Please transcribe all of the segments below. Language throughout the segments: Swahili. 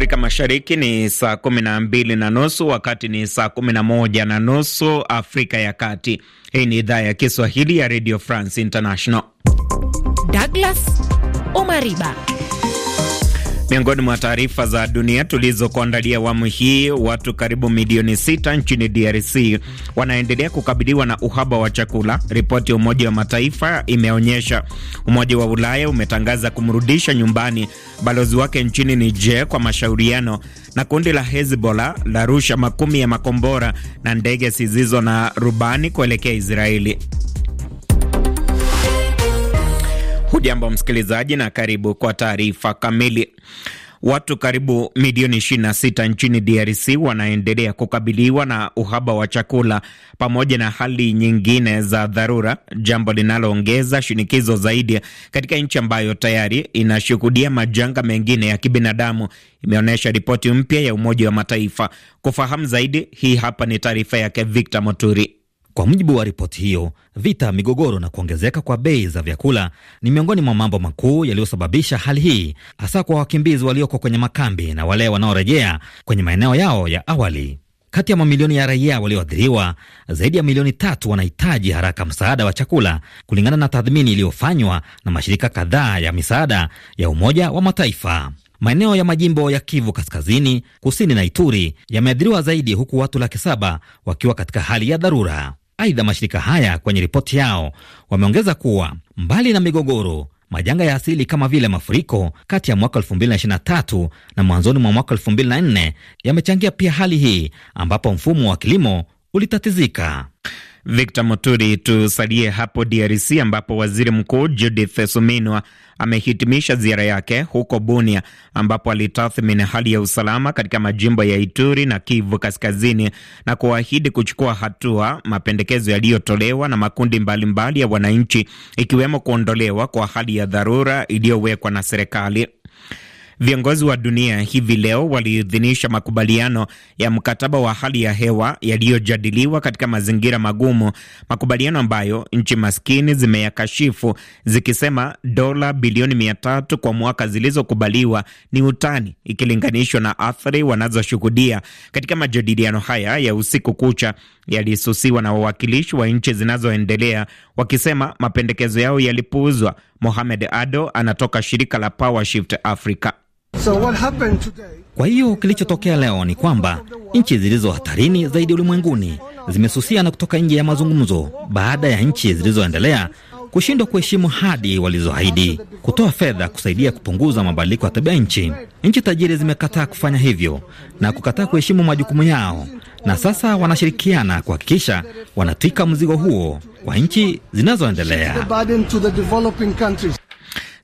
Afrika Mashariki ni saa kumi na mbili na nusu wakati ni saa kumi na moja na nusu Afrika ya Kati. Hii ni idhaa ya Kiswahili ya Radio France International. Douglas Omariba Miongoni mwa taarifa za dunia tulizokuandalia awamu hii, watu karibu milioni sita nchini DRC wanaendelea kukabiliwa na uhaba wa chakula, ripoti ya Umoja wa Mataifa imeonyesha. Umoja wa Ulaya umetangaza kumrudisha nyumbani balozi wake nchini Niger kwa mashauriano, na kundi la Hezbollah la rusha makumi ya makombora na ndege zisizo na rubani kuelekea Israeli. Hujambo msikilizaji na karibu kwa taarifa kamili. Watu karibu milioni 26 nchini DRC wanaendelea kukabiliwa na uhaba wa chakula pamoja na hali nyingine za dharura, jambo linaloongeza shinikizo zaidi katika nchi ambayo tayari inashuhudia majanga mengine ya kibinadamu, imeonyesha ripoti mpya ya Umoja wa Mataifa. Kufahamu zaidi, hii hapa ni taarifa yake Victor Moturi. Kwa mujibu wa ripoti hiyo, vita, migogoro na kuongezeka kwa bei za vyakula ni miongoni mwa mambo makuu yaliyosababisha hali hii, hasa kwa wakimbizi walioko kwenye makambi na wale wanaorejea kwenye maeneo yao ya awali. Kati ya mamilioni ya raia walioathiriwa, zaidi ya milioni tatu wanahitaji haraka msaada wa chakula, kulingana na tathmini iliyofanywa na mashirika kadhaa ya misaada ya Umoja wa Mataifa. Maeneo ya majimbo ya Kivu Kaskazini, Kusini na Ituri yameathiriwa zaidi, huku watu laki saba wakiwa katika hali ya dharura. Aidha, mashirika haya kwenye ripoti yao wameongeza kuwa mbali na migogoro majanga ya asili kama vile mafuriko kati ya mwaka 2023 na mwanzoni mwa mwaka 2024 yamechangia pia hali hii, ambapo mfumo wa kilimo ulitatizika. Victor Muturi, tusalie hapo DRC ambapo waziri mkuu Judith Suminwa amehitimisha ziara yake huko Bunia ambapo alitathmini hali ya usalama katika majimbo ya Ituri na Kivu Kaskazini na kuahidi kuchukua hatua mapendekezo yaliyotolewa na makundi mbalimbali mbali ya wananchi ikiwemo kuondolewa kwa hali ya dharura iliyowekwa na serikali. Viongozi wa dunia hivi leo waliidhinisha makubaliano ya mkataba wa hali ya hewa yaliyojadiliwa katika mazingira magumu, makubaliano ambayo nchi maskini zimeyakashifu zikisema dola bilioni mia tatu kwa mwaka zilizokubaliwa ni utani ikilinganishwa na athari wanazoshuhudia. Katika majadiliano haya ya usiku kucha, yalisusiwa na wawakilishi wa nchi zinazoendelea wakisema mapendekezo yao yalipuuzwa. Mohamed Ado anatoka shirika la Power Shift Africa. So what happened today... Kwa hiyo kilichotokea leo ni kwamba nchi zilizo hatarini zaidi ulimwenguni zimesusia na kutoka nje ya mazungumzo baada ya nchi zilizoendelea kushindwa kuheshimu hadi walizoahidi kutoa fedha kusaidia kupunguza mabadiliko ya tabia nchi. Nchi tajiri zimekataa kufanya hivyo na kukataa kuheshimu majukumu yao, na sasa wanashirikiana kuhakikisha wanatwika mzigo huo kwa nchi zinazoendelea.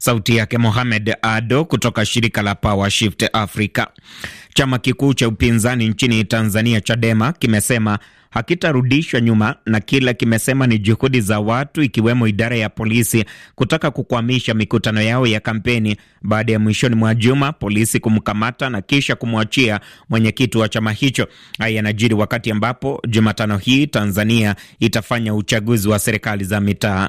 Sauti yake Mohamed Ado kutoka shirika la Power Shift Africa. Chama kikuu cha upinzani nchini Tanzania, Chadema, kimesema hakitarudishwa nyuma na kila kimesema ni juhudi za watu ikiwemo idara ya polisi kutaka kukwamisha mikutano yao ya kampeni baada ya mwishoni mwa juma polisi kumkamata na kisha kumwachia mwenyekiti wa chama hicho. Haya yanajiri wakati ambapo Jumatano hii Tanzania itafanya uchaguzi wa serikali za mitaa.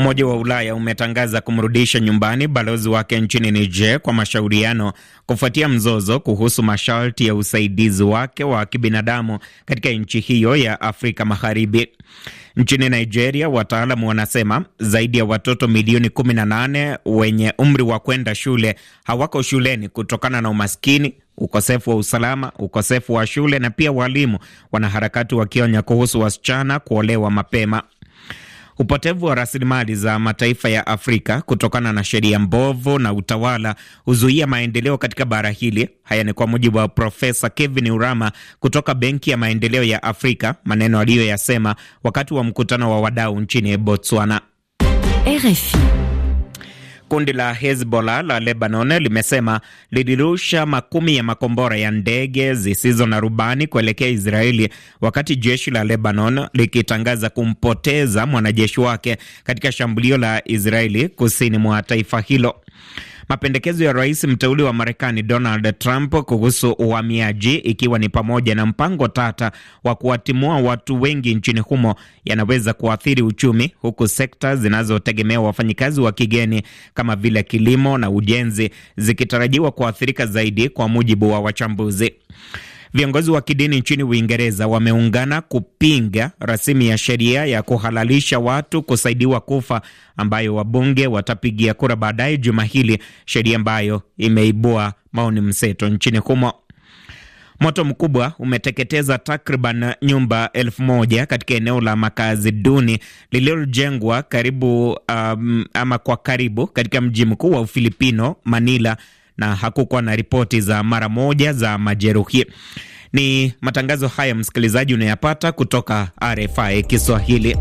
Umoja wa Ulaya umetangaza kumrudisha nyumbani balozi wake nchini Niger kwa mashauriano kufuatia mzozo kuhusu masharti ya usaidizi wake wa kibinadamu katika nchi hiyo ya Afrika Magharibi. Nchini Nigeria, wataalamu wanasema zaidi ya watoto milioni 18 wenye umri wa kwenda shule hawako shuleni kutokana na umaskini ukosefu wa usalama, ukosefu wa shule na pia walimu, wanaharakati wakionya kuhusu wasichana kuolewa mapema. Upotevu wa rasilimali za mataifa ya Afrika kutokana na sheria mbovu na utawala huzuia maendeleo katika bara hili. Haya ni kwa mujibu wa Profesa Kevin Urama kutoka Benki ya Maendeleo ya Afrika, maneno aliyoyasema wakati wa mkutano wa wadau nchini Botswana. RFI. Kundi la Hezbollah la Lebanon limesema lilirusha makumi ya makombora ya ndege zisizo na rubani kuelekea Israeli, wakati jeshi la Lebanon likitangaza kumpoteza mwanajeshi wake katika shambulio la Israeli kusini mwa taifa hilo. Mapendekezo ya rais mteuli wa Marekani Donald Trump kuhusu uhamiaji, ikiwa ni pamoja na mpango tata wa kuwatimua watu wengi nchini humo, yanaweza kuathiri uchumi, huku sekta zinazotegemea wafanyikazi wa kigeni kama vile kilimo na ujenzi zikitarajiwa kuathirika zaidi, kwa mujibu wa wachambuzi. Viongozi wa kidini nchini Uingereza wameungana kupinga rasimu ya sheria ya kuhalalisha watu kusaidiwa kufa ambayo wabunge watapigia kura baadaye juma hili, sheria ambayo imeibua maoni mseto nchini humo. Moto mkubwa umeteketeza takriban nyumba elfu moja katika eneo la makazi duni lililojengwa karibu um, ama kwa karibu katika mji mkuu wa Ufilipino Manila na hakukuwa na ripoti za mara moja za majeruhi. Ni matangazo haya msikilizaji unayapata kutoka RFI Kiswahili.